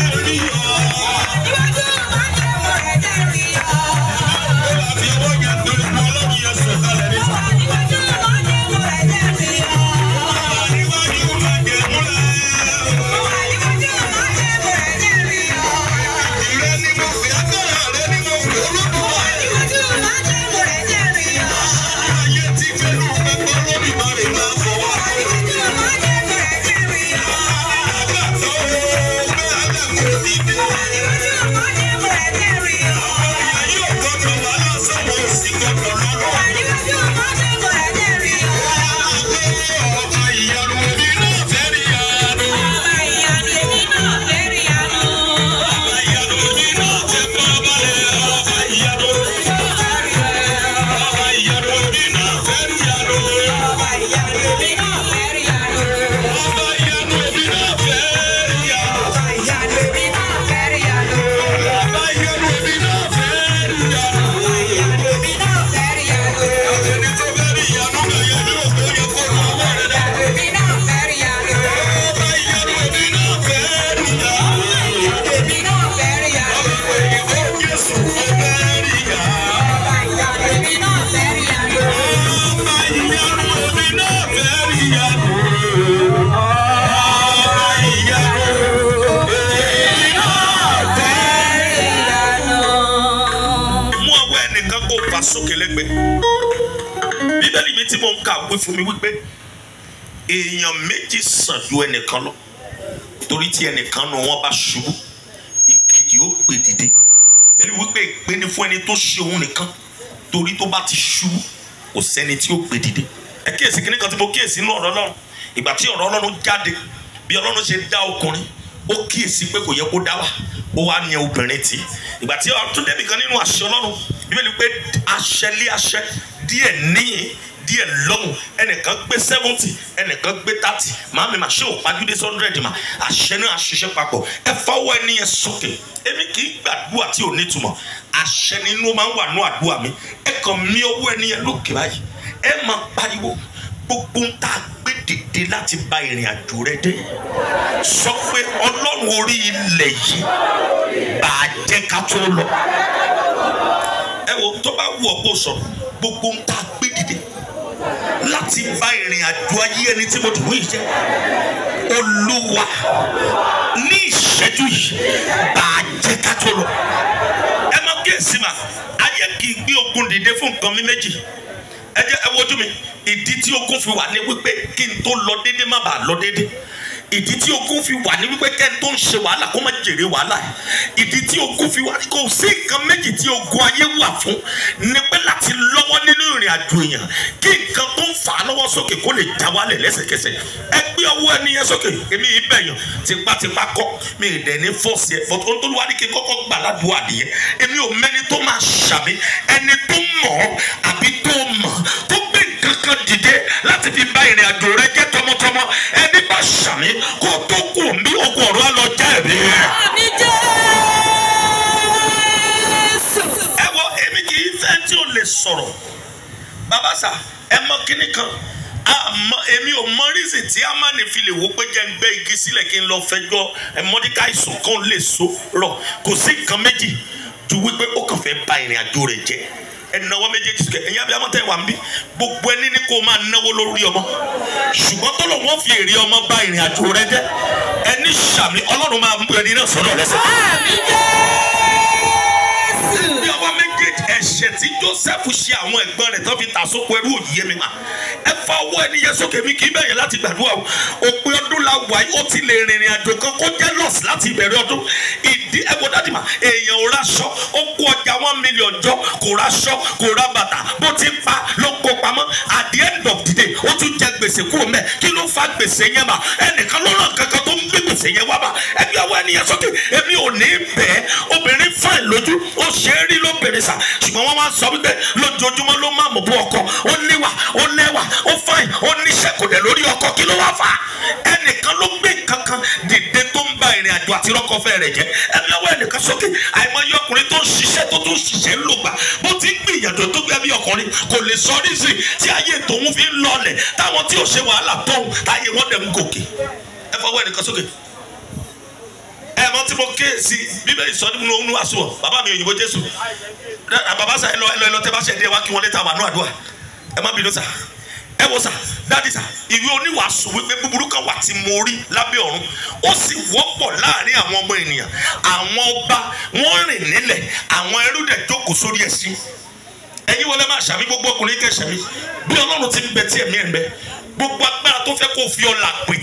Hallelujah. mò ń kàwé fún mi wípé èèyàn méjì sàn ju ẹnìkan lọ torí tí ẹnìkan nu wọn bá ṣubú ìkejì ó pè dìde pẹ̀lú wípé ìpè fún ẹni tó ṣe òun nìkan torí tó bá ti ṣubú kò sẹ́ni tí ó pè dìde ẹ kíyèsí kíní kan tí mo kíyèsí inú ọ̀rọ̀ Ọlọ́run ìgbà tí ọ̀rọ̀ Ọlọ́run jáde bí Ọlọ́run ṣe dá ọkùnrin ó kíyèsí pé kò yẹ kó dá wà ó wá ní obìnrin tí ìgbà tí ọtún débi nínú àṣẹ Ọlọ́run bíbélì pé àṣẹ lé àṣẹ díẹ̀ níyìn díẹ̀ lọ́hùn ẹnìkan gbé seventy ẹnìkan gbé thirty màámi màá ṣe òpájúdé hundred mà àṣẹ náà ṣiṣẹ́ papọ̀ ẹ fọwọ́ ẹni yẹn sókè èmi kì í gbàdúrà tí ò nítumọ̀ àṣẹ nínú máa ń wà ní àdúrà mi ẹ kàn mí ọwọ́ ẹni yẹn lókè báyìí ẹ máa pariwo gbogbo ń tá a gbé dìde láti ba ìrìn àjò rẹ dé sọ pé ọlọ́run orí ilẹ̀ yìí bá a jẹ́ ká tó lọ ẹ wo tó bá wù ọ́ kó sọ gbogbo ń tá a láti bá ìrìn àjò ayé ẹni tí mo dùn yìí jẹ́ olúwa ní ìṣẹ́jú yìí bá a jẹ́ ká tó lọ. ẹ má kí èsì mà ayé kì í gbé ogun dìde fún nǹkan mi méjì ẹ jẹ́ ẹ wojú mi ìdí tí ogun fi wà ní wípé kí n tó lọ déédéé má bàa lọ déédéé ìdí tí ogun fi wà ní wípé kẹ́ni tó ń ṣe wàhálà kó má jèrè wàhálà ìdí tí ogun fi wà kò sí nǹkan méjì tí ogun ayé wà fún ni pé láti lọ́wọ́ nínú ìrìn àjò èèyàn kí nǹkan tó ń fà á lọ́wọ́ sókè kó lè já wálẹ̀ lẹ́sẹ̀kẹsẹ̀ ẹ gbé ọwọ́ ẹni yẹn sókè èmi yìí bẹ̀yàn tipátipá kọ́ mi ì dẹ̀ ní fọ́ọ̀sì ẹ̀ fọ́tò olúwa ní kí n kọ́kọ́ gbà ládùúgbò adìyẹ èmi ò mẹ́ni tó máa ṣàmì ẹni tó mọ̀ àbí tó mọ̀ tó gbé nǹkan kan dìde láti fi bá ìrìn àjò rẹ jẹ́ tọmọtọmọ ẹ àṣàmì kó tó kù mí ogun ọ̀rọ̀ á lọ jẹ́ ẹ̀mí rẹ̀. àmì Jésù. ẹ wo èmi kì í fẹ́ tí o lè sọ̀rọ̀ bàbá sà ẹ mọ kínní kan èmi ò mọ rísì tí amáni fi lè wò pé jẹ́ ń gbé igi sílẹ̀ kí n lọ fẹjọ́ Mọ́dékáì sùn kan lè sọ̀rọ̀ kò sí nǹkan méjì ju wípé ó kàn fẹ́ bà ìrìn àjò rẹ̀ jẹ́ ẹnáwó méjèèjì sùkẹ́ ẹ̀yin abiyamọ tẹ̀ wà ń gbogbo ẹni ní kó máa náwó lórí ọmọ ṣùgbọ́n tọ́lọ̀ wọ́n fi èrè ọmọ bá ìrìn àjò rẹ jẹ́ ẹni sàmì ọlọ́run máa mú ẹni náà sọ́dọ̀ lẹ́sẹ̀. àmì jẹ́ sí. bí ẹ̀ṣẹ̀ tí Joseph ṣe àwọn ẹ̀gbọ́n rẹ̀ tó fi tà sóko ẹrú òyìnbó mi mà ẹ fa ọwọ́ ẹniyẹn sókè mi kì í bẹ̀yẹ̀ láti gbàdúrà o òpin ọdún la wà ó ti lè rìnrìn àjò kan kó jẹ́ loss láti ìbẹ̀rẹ̀ ọdún ìdí ẹ bọ́ dáàdì mà èèyàn ò raṣọ ó kó ọjà one million jọ kò raṣọ kò ra bàtà bó ti pa ló kó pamọ́ at the end of the day ó tún jẹ gbèsè kúrò mẹ́ kí ló fa gbèsè yẹn mà ẹnìkan ló ràn kankan tó ń gbé gbèsè yẹn wá mà ẹbí ọwọ́ ẹniyẹn sókè èmi ò ní bẹ́ẹ̀ obìnrin fine lójú tó ṣe é rí ló bèrè sà ṣùgbọ́n wọ́n wá sọ wípé lójoojúmọ́ ló máa mọ̀ bú ọkọ ó níwà ó lẹ́wà ó fàìn ó níṣẹ́ kò dẹ̀ lórí ọkọ kí ló wá fà ẹnìkan ló gbé kankan dìde tó ń ba ìrìn àjò àti rọ́kọ̀fẹ́ rẹ̀ jẹ́ ẹni lọ́wọ́ ẹnìkan sókè àìmọye ọkùnrin tó ń ṣiṣẹ́ tó tún ṣiṣẹ́ ń lò gbà bó ti ń gbìyànjú tó gbé bí ọkùnrin kò lè sọ rízì tí ayé tòun fi ń lọlẹ̀ táwọn tí ò ṣe wàhálà tóun táyé wọn dẹ̀ ń gòkè ẹ fọwọ́ ẹnìkan sókè ẹ mọ tí mo kéèsì bíbẹ ìsọdún ní òun wàásù bàbá mi òyìnbó jésù bàbá sà ẹ lọ ẹ lọ ẹ lọ tẹ bá ṣe dé wá kí wọn lé ta wà ní àdúrà ẹ má bínú sà ẹ wo sà dáàdì sà ìwé oníwàásù wípé búburú kan wà tí mo rí lábẹ́ ọ̀run ó sì wọ́pọ̀ láàrin àwọn ọmọ ènìyàn àwọn ọba wọ́n rìn nílẹ̀ àwọn ẹrú dẹ̀ jókòó sórí ẹṣin ẹ̀yin wọlé máa ṣàmì gbogbo ọkùnrin kẹ́ ṣàmì bí ọlọ́run ti ń bẹ tí ẹ̀mí ẹ̀ ń bẹ gbogbo agbára tó fẹ́ kó fi ọ̀la pè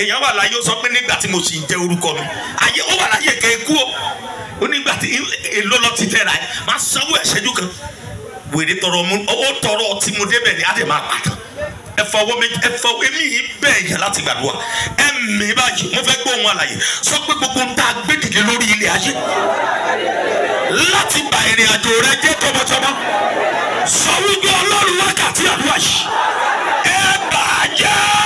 èèyàn wà láyé ó sọ pé nígbà tí mo sì jẹ orúkọ mi ayé ó wà láyé kẹ kú o ó nígbà tí èló lọ ti fẹ́ ra ẹ máa sanwó ẹ̀ṣẹ́jú kan wèrè tọrọ mu ó tọrọ tí mo débẹ̀ ni á dẹ̀ máa pàtàn ẹ mi ẹ fọwọ́ èmi yìí bẹ́ẹ̀ yà láti gbàdúrà ẹ mì í báyìí mo fẹ́ gbóhùn àlàyé sọ pé gbogbo ń tá a gbé dìde lórí ilé ayé láti bà ìrìn àjò rẹ jẹ́ tọmọtọmọ sọ wípé ọlọ́run wákàtí àdúrà yìí ẹ bàjẹ́.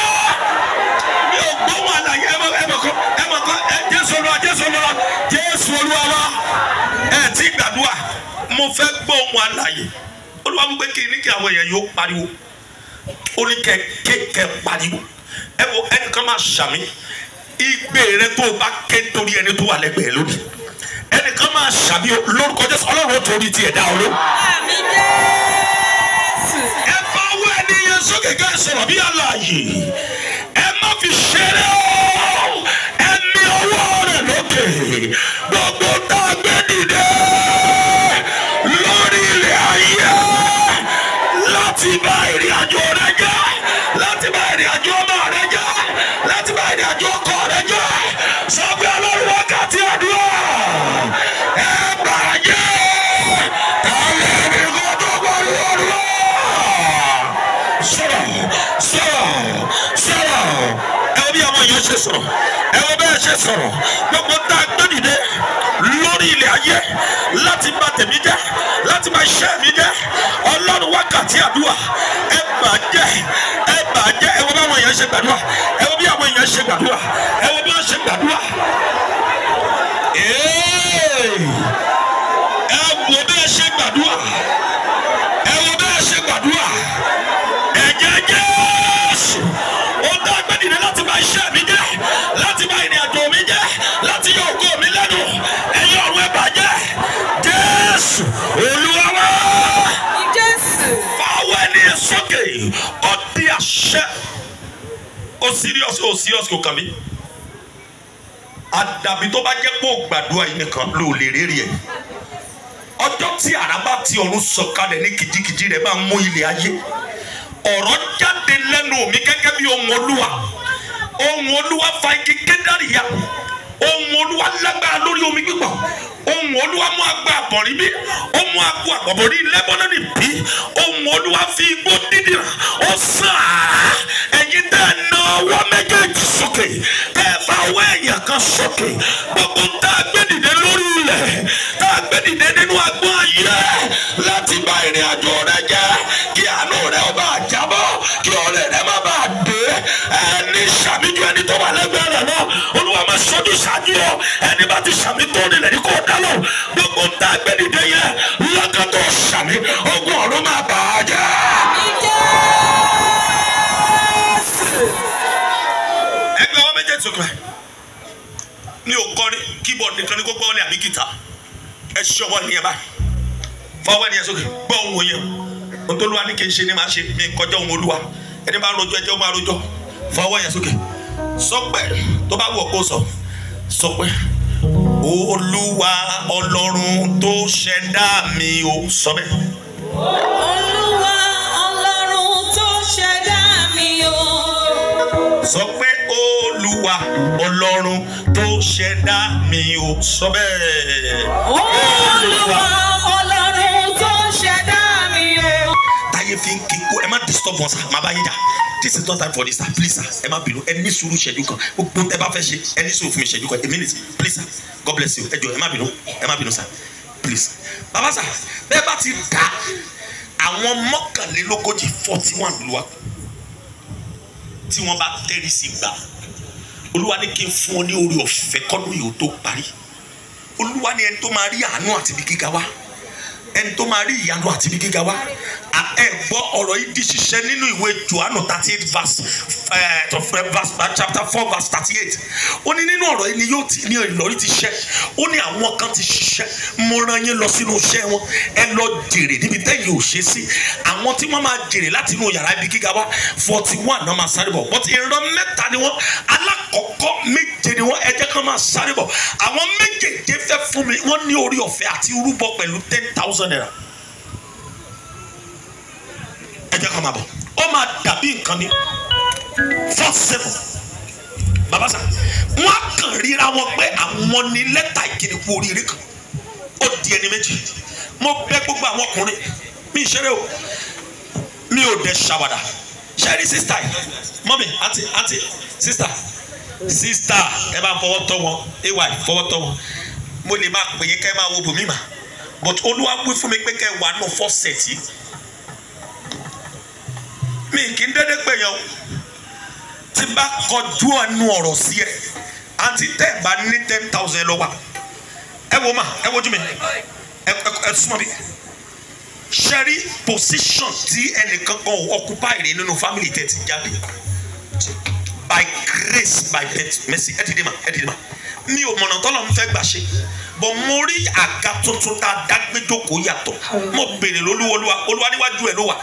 jésù olúwa jésù olúwa wa ẹ ti gbàdúrà mo fẹ́ gbọ́ ohun àlàyé olúwa mú pé kí ni kí àwọn èèyàn yóò pariwo ó ní pariwo ẹ wo ẹnìkan máa ṣàmì igbe rẹ tó o bá ké nítorí ẹni tó wà lẹ́gbẹ̀ẹ́ lónìí ẹnìkan máa ṣàmì lórúkọ jésù ọlọ́run ó torí tiẹ̀ dá ọ ló. ẹ bá wọ ẹni yẹn sókè ká sọ̀rọ̀ bí àlàyé ẹ má fi ṣeré o ẹ ní ọwọ́ sókè gbogbo tá a gbé dìde lórí ilẹ̀ ayé láti bá ìrìn àjò rẹ jẹ́ láti bá ìrìn àjò ọmọ rẹ jẹ́ láti bá ìrìn àjò ọkọ rẹ jẹ́ sọ pé ọlọ́run wákàtí àdúrà. sọ̀rọ̀ sọ̀rọ̀ sọ̀rọ̀ ẹ bí àwọn èèyàn ṣe sọ̀rọ̀ ṣe sọ̀rọ̀ gbogbo tá a gbé dìde lórí ilẹ̀ ayé láti bà tèmi jẹ́ láti bà iṣẹ́ mi jẹ́ ọlọ́run wákàtí àdúrà ẹ bà jẹ́ ẹ bà jẹ́ ẹ wo bí àwọn èèyàn ṣe gbàdúrà ẹ wo bí àwọn èèyàn ṣe gbàdúrà ẹ wo bí wọ́n ṣe gbàdúrà. ẹ wo bí ẹ ṣe gbàdúrà. serious o serious kò kàn mí àdàbí tó bá jẹ́ pé o gbàdúrà yìí nìkan ló lè rèrè ẹ̀ ọjọ́ tí àràbà ti ọ̀run sọ̀kalẹ̀ ní kìjikìji rẹ̀ máa ń mú ilẹ̀ ayé ọ̀rọ̀ jáde lẹ́nu mi gẹ́gẹ́ bí ohun olúwa ohun olúwa fa igi kédàrí ohun olúwa lágbára lórí omi pípọ̀ ohun olúwa mú agbá àbọ̀rí bí ó mú agbó àbọ̀rí lẹ́bọ̀nọ́nì bí ohun olúwa fi igbó dídì rà ó sàn àrà ẹ̀yin tẹ́ ẹ̀ na ọwọ́ méjèèjì sókè tẹ́ ẹ̀ bá ọwọ́ ẹ̀yìn kan sókè gbogbo tá a gbé dìde lórí ilẹ̀ tá a gbé dìde nínú agbọ́n ayé láti bà ìrìn àjò rẹ jẹ́ kí àánú rẹ ó bá jábọ́ kí ọ̀rẹ́ rẹ má bàa dé ẹni sàmìjú ẹni tó wà lẹ́gbẹ̀ẹ́ náà mà sójú ṣáájú ọ ẹni bá ti sàmì tó nílẹ̀ ní kò dá lọ gbogbo ń ta gbẹ́dìdẹ yẹn lọ́kàtọ̀ sàmì ogun ọ̀run máa bà á jẹ́. ẹgbẹ́ wọn méjèèjì sọ̀kọ̀ mi ò kọ́ ni keyboard nìkan ni kó gbọ́ ọ́ ní àbí guitar ẹ ṣiṣẹ́ ọwọ́ ìyẹn báyìí fọwọ́ ìyẹn sókè gbọ́ òun òye ohun tó lúwa ní kí n ṣe ni màá ṣe mi kọjá òun olúwa ẹni bá rojọ́ ẹjọ́ máa rojọ́ fọwọ́ ìyẹn sókè sọpẹ́ tó bá wù ọ́ kó sọ sọpẹ́ olúwa ọlọ́run tó ṣẹ̀dá mi o sọpẹ́. olúwa ọlọ́run tó ṣẹ̀dá mi o. sọpẹ́ olúwa ọlọ́run tó ṣẹ̀dá mi o sọpẹ́. olúwa ọlọ́run táyé fi ń kí ẹ má disturb wọn sá má bá yín this is not time for this sir please sir ẹ má bínú ẹ ní sùúrù ṣẹ́jú kan gbogbo tẹ bá fẹ́ ṣe ẹ ní sùúrù fún mi ṣẹ́jú kan a minute please sir god bless you ẹ jọ̀ọ́ ẹ má bínú ẹ má bínú sir please baba sir bẹ́ẹ̀ bá ti dá àwọn mọ́kànlélógójì forty one lùwà tí wọ́n bá tẹ́rí sí gbà olúwa ní kí n fún ọ ní orí ọ̀fẹ́ kọ́dún yìí ó tó parí olúwa ní ẹni tó máa rí àánú àti ibi gíga wá ẹni tó máa rí ìyanu àti ibi gíga wá ẹ gbọ́ ọ̀rọ̀ yìí di ṣiṣẹ́ nínú ìwé Jòhánù thirty eight verse eh, eh, verse eh, chapter four verse thirty eight ó ní nínú ọ̀rọ̀ yìí ni yóò ti ní ìlọrí ti ṣẹ́ ó ní àwọn kan ti ṣiṣẹ́ mo rán yín lọ sínú iṣẹ́ wọn ẹ lọ jèrè níbi tẹ́yìn ò ṣe sí àwọn tí wọ́n máa jèrè láti inú yàrá ibi gíga wa forty one náà máa sáré bọ̀ but ìran mẹ́ta ni wọ́n alákọ̀ọ́kọ́ méje ni wọ́n ẹ jẹ́ kán máa sáré bọ̀ àwọn méjèèjì fẹ́ fún mi wọ́n ní orí ọ̀fẹ́ àti rúbọ pẹ̀lú ten thousand naira ẹ jẹ́ ká máa bọ̀ ó dàbí nǹkan ni four seven bàbá sà wọn á kàn ríra wọn pé àwọn ní lẹ́tà ìkíni kú oríire kan ó di ẹni méjì mo bẹ̀ gbogbo àwọn ọkùnrin mi ì ṣeré o mi ò dẹ̀ ṣàwàdà ṣẹ́rí sísítà yìí mọ́mí àti àti sísítà sísítà ẹ bá fọwọ́ tọ́ wọn ay fọwọ́ tọ́ wọn mo lè máa pè é kẹ́ ẹ máa wo bòmí mà but olúwa wí fún mi pé kẹ́ ẹ wà nù fọ́sẹ̀tì. No mi kì í dédé pè yàn tí bá kọjú ẹnu ọ̀rọ̀ sí ẹ àti tẹ́ ẹ̀ bá ní ten thousand lọ́wọ́ ẹ wo ma ẹ wojú mi ẹ súnmọ́ mi ṣẹ́rí position tí ẹnìkan kan occupy rẹ̀ nínú family tẹ̀ ti jáde by grace by mercy ẹ ti dé ma ẹ ti dé ma mi ò mọ̀nà tọ́lọ̀ ń fẹ́ gbà ṣe bọ̀ mo rí àga tuntun tá a dágbéjókòó yàtọ̀ mo béèrè lólúwa olúwa níwájú ẹ̀ ló wà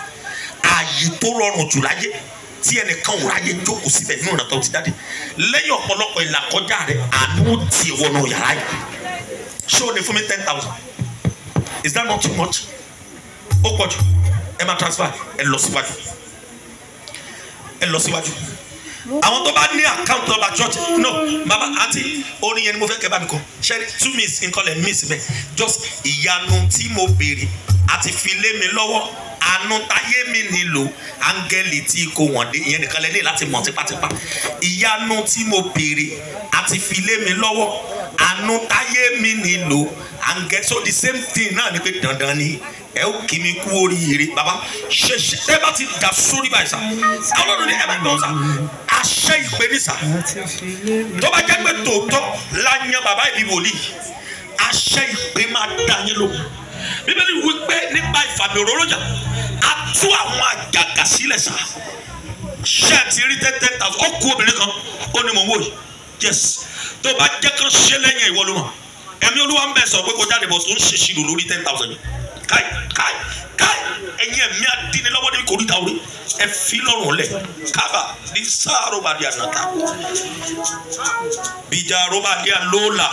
ààyè tó rọrùn jù láyé tí ẹnìkan ò ráyè jókòó síbẹ̀ nínú ìrántọ́ ti jáde lẹ́yìn ọ̀pọ̀lọpọ̀ ìlàkọjá rẹ̀ àdúgbò tí ìwọ náà yàrá yìí ṣé o lè fún mi ten thousand is that not too much ó pọ̀ ẹ máa transfer ẹ lọ síwájú ẹ lọ síwájú àwọn tó bá ní account lọ́ba church no baba àǹtí orin yẹn ni mo fẹ́ kẹ́ mi kọ ṣẹ́rí two minutes nǹkan lẹ̀ miss bẹ́ẹ̀ just ìyanu tí mo béèrè àti fi mi lọ́wọ́ àánú táyé mi nílò áńgẹ́lì tí kò wọ́n dé ìyẹn nìkan lẹ́lẹ́ láti mọ̀ tipátipá ìyanu tí mo béèrè àti fi lé mi lọ́wọ́ àánú táyé mi nílò áńgẹ́lì so the same thing náà ni pé dandan ni ẹ ó kí mi kú oríire baba ṣèṣe ẹ bá ti dà sórí báyìí sá ọlọ́run ni ẹ bá gbọ́n sá aṣẹ́ ìpè tó bá jẹ́ pé tòótọ́ la yan bàbá ìbí wòlíì aṣẹ́ ìpè máa dá yín lóhùn bíbélì wí nípa ìfàmì òróró jà tú àwọn àjàgà sílẹ̀ sá ṣé ẹ ti rí tẹ́tẹ́ tàbí ó kú obìnrin kan ó ní mò ń wò yìí yes tó bá jẹ́ kán ṣe lẹ́yìn ìwọ ló mọ̀ ẹ̀mí olúwa ń bẹ̀ sọ pé kó jáde bọ̀ tó ń ṣèṣirò lórí ten thousand yìí káì káì káì ẹ̀yin ẹ̀mí adínilọ́wọ́ níbi kò rí ta orí ẹ fi lọ́rùn lẹ̀ kábà ní sáàrò bàdí ànàtà bìjà rọ́bàdí àlóòlà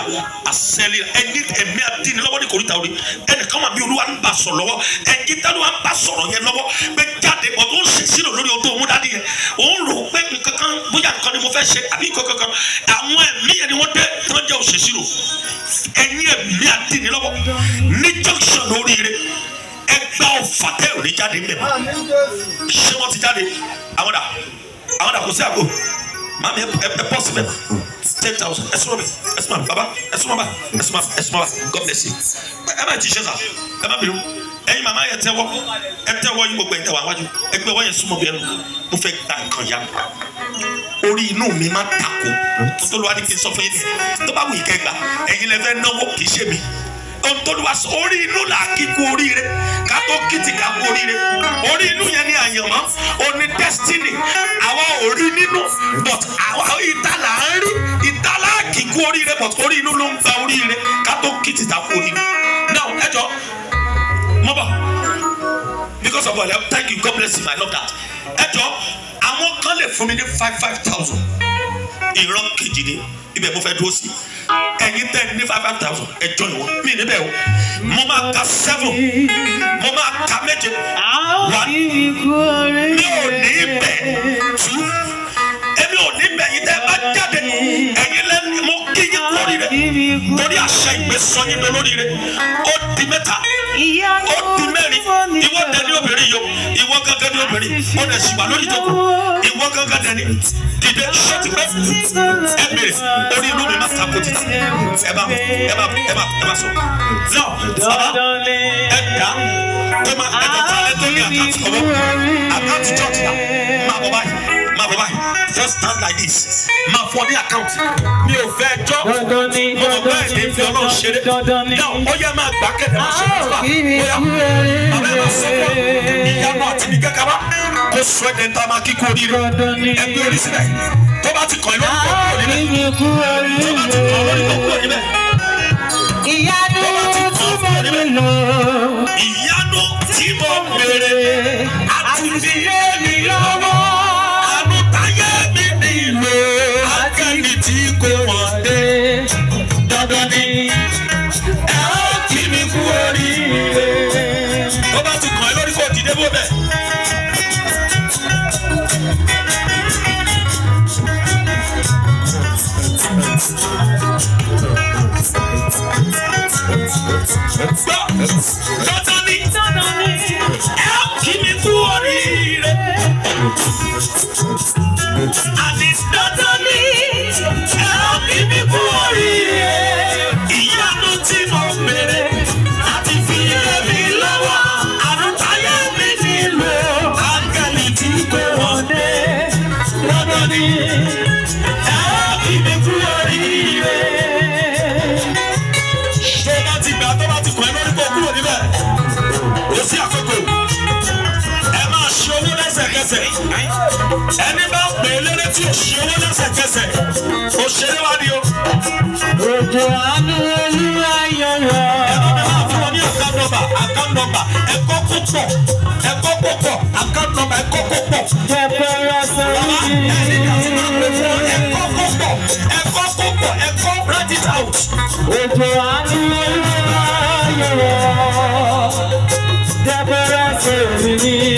àsẹ́lẹ̀ ẹni ẹ̀mí àdínní lọ́wọ́ ní kòríta orí ẹnì kan wà bí olúwa ń bà sọ̀ lọ́wọ́ ẹni tẹ́lẹ̀ wà ń bà sọ̀rọ̀ yẹn lọ́wọ́ pé jáde ọ̀ tó ń ṣe sínú lórí ohun tó mú dání yẹn òun rò pé nǹkan kan bóyá nǹkan ni mo fẹ́ ṣe àbí nǹkan kankan àwọn ẹ̀mí yẹn ni wọ́n dé wọ́n jẹ́ òṣèṣirò ẹ̀yin ẹ̀mí àdínní lọ́wọ́ ní junction oríire ẹgbẹ́ ọ̀fà tẹ́ ò ní jáde ńbẹ̀ ṣé wọ́n ti jáde àwọn dà àwọn dà kò sí àgbo maami ẹ pọ síbẹ̀ ten thousand ẹsùn mami ẹsùn mami baba ẹsùn mama ẹsùn mama ẹsùn mama god bless you ẹ má ti ṣe sá ẹ má bínú ẹyin màmá yẹ tẹ́wọ́ ẹ tẹ́wọ́ yín gbogbo ẹ tẹ́wọ́ àwájú ẹgbẹ́ wọnyẹ súnmọ́ bí ẹnu mo fẹ́ gba nǹkan ya orí inú mi má tako tọ́tọ́lùwà ni kì í sọ fún yín ni tó bá wù yín kẹ́ gbà ẹ̀yin lẹ́fẹ́ náwó kì í ṣe mi tọ́tọ́lùwà sọ orí inú là kíkú oríire tó kìtìkà kú oríire orí inú yẹn ni àyànmọ́ o destiny àwa ò rí nínú but àwa ìta ń rí ìta là kíkú oríire but orí inú ló ń gba oríire ká tó kìtìkà kú oríire now ẹ jọ mo bọ because of all that, thank you God bless you I love that ẹ jọ àwọn kan lè fún mi ní five five thousand irọ́ kejì ni ibẹ̀ mo fẹ́ dúró sí ẹ̀yin tẹ́ ní five five thousand ẹ jọ ìwọ mi níbẹ̀ o mo máa ka seven mo máa ka méje wà mi ò ní bẹ̀ tú èmi ò ní bẹ̀ yìí tẹ́ ẹ bá jáde ẹ̀yin lẹ́nu mo kí yín lórí rẹ̀ torí àṣẹ ìgbésọ́yìn lórí rẹ̀ ó di mẹ́ta ó gángan ní obìnrin ó dẹ̀ ṣì wà lórí ìjókòó ìwọ gángan dẹni dìde ṣọ́ọ̀tì pẹ́ ẹ bèrè orí inú mi má ta kó títà ẹ bá ẹ bá ẹ bá ẹ bá sọ. now baba ẹ dá tó máa ẹ dá tó alẹ́ tó ní àkáǹtì kọ́wọ́ àkáǹtì church náà máa bọ́ báyìí máa báyìí just stand like this máa fún ọ ní account mi ò fẹ́ jọ́ mo mọ̀ bẹ́ẹ̀ ní fi ọlọ́run ṣeré náà ó yẹ máa gbà kẹ́tẹ́ máa ṣe ah, nípa bóyá àbẹ́ máa sọ́kọ̀ ìyanu àti ní kẹ́kẹ́ wá kó sọ ẹ̀ dẹ́ta máa kíkó oríire ẹgbẹ́ orí tó bá ti kàn yín lórúkọ kúrò níbẹ̀ ah, tó bá ti kàn lórúkọ kúrò níbẹ̀ ìyanu tí mo nílò. Tọ́tọ́ni ẹ ó kí mi kú oríire. ẹsẹ̀ òṣèré wa ni o. òjò àánú olúwa yọ̀yọ̀. ẹ̀rọ mi máa fún ọ ní account number account number ẹ̀kọ́ kó ẹ̀kọ́ kó pọ̀ account ẹ̀kọ́ kó jẹ̀bọ̀ lọ sọ yìí. bàbá ẹni kàtí máa pè fún ẹ̀kọ́ kó ẹ̀kọ́ kó ẹ̀kọ́ write it out. àánú olúwa yọ̀yọ̀. jẹ̀bọ̀ lọ sọ yìí.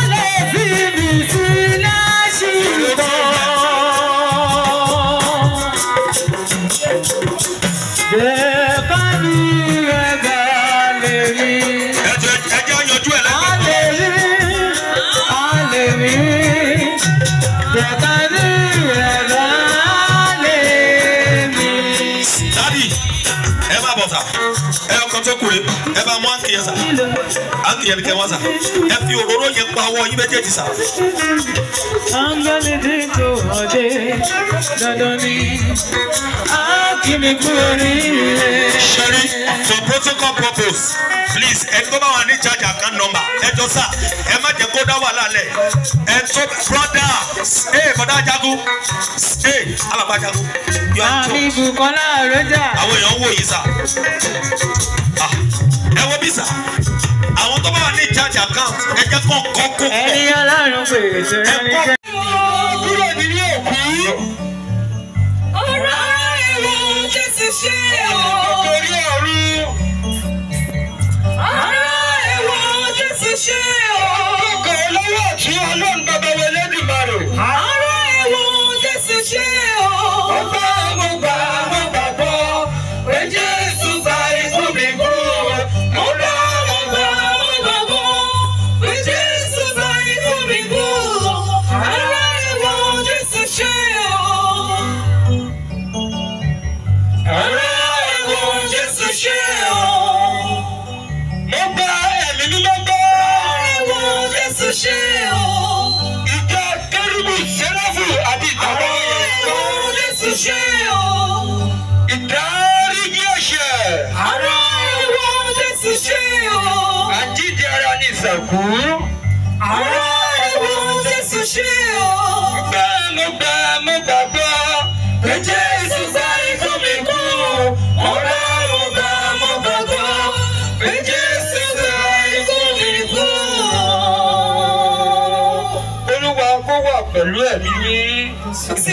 ẹ má bọ̀ sà ẹ ọkọ tó kù ẹ bá mú àǹkì yẹn sà àǹkì yẹn kẹ wọn sà ẹ fi òróró yẹn pa ọwọ́ yín méjèèjì sà. áńgẹ́lì dínkù ọ̀dẹ́ dandan ni á kí mi kú oríire. for protocol purpose please ẹ tó bá wà ní charge account number ẹ jọ sà ẹ kó dá wàhálà lẹ̀ ẹ̀ tó brọ́dà ẹ̀ bọ́dá jagun ẹ̀ alàgbà jagun. àmì Bùkọ́lá rojà. àwọn èèyàn wò yìí sà ah, ẹ wo bí àwọn tó bá wà ní charge account ẹ jẹ́ kó kọ́ kó ẹni ọlọ́run pè é tó rẹ́ níṣẹ́. ṣe o.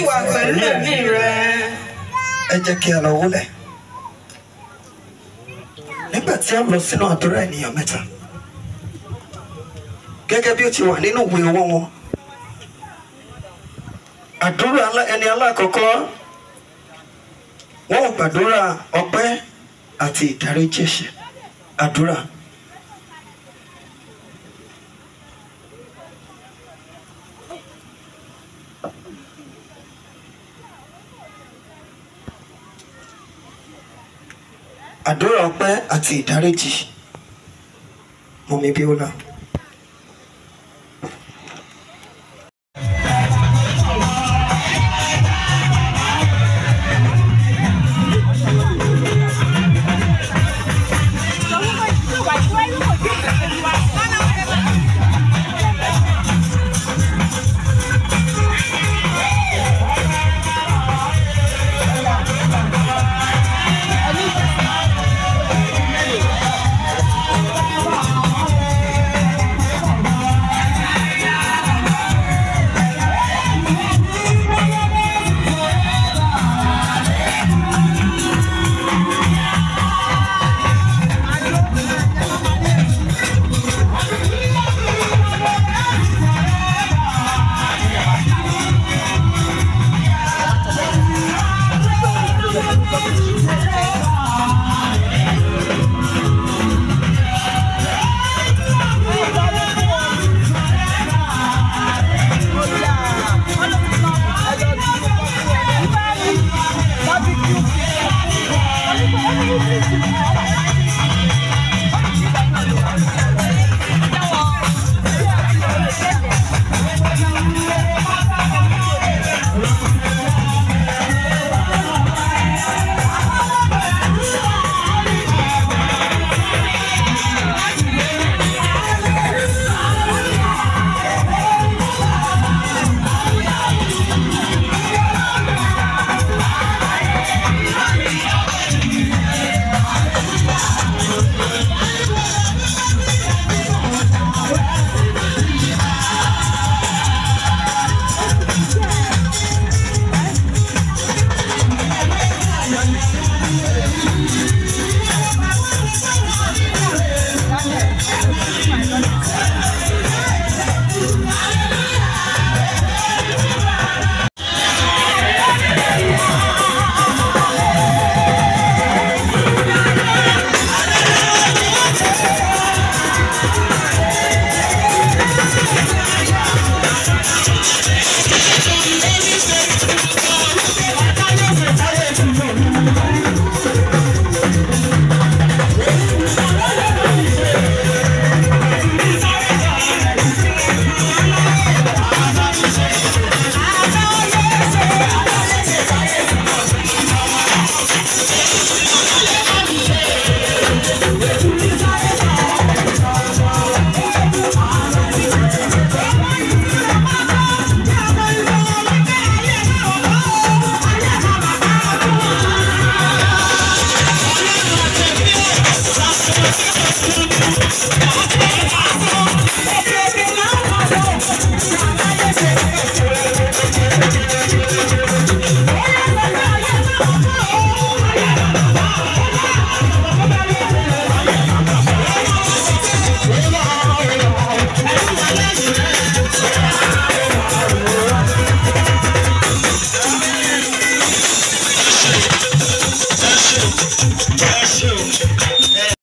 wà pẹ̀lú ẹ̀mí rẹ. ẹ jẹ́ kí a lọ wọlé nígbà tí a lọ sínú àdúrà ènìyàn mẹ́ta gẹ́gẹ́ bí ó ti wà nínú ìwé owó wọn àdúrà ẹni alákọ̀ọ́kọ́ wọn gbàdúrà ọpẹ́ àti ìdáríjẹ̀ṣẹ̀ àdúrà. àdúrà ọpẹ́ àti ìdáríjì Mọ́mì Bíọ́lá.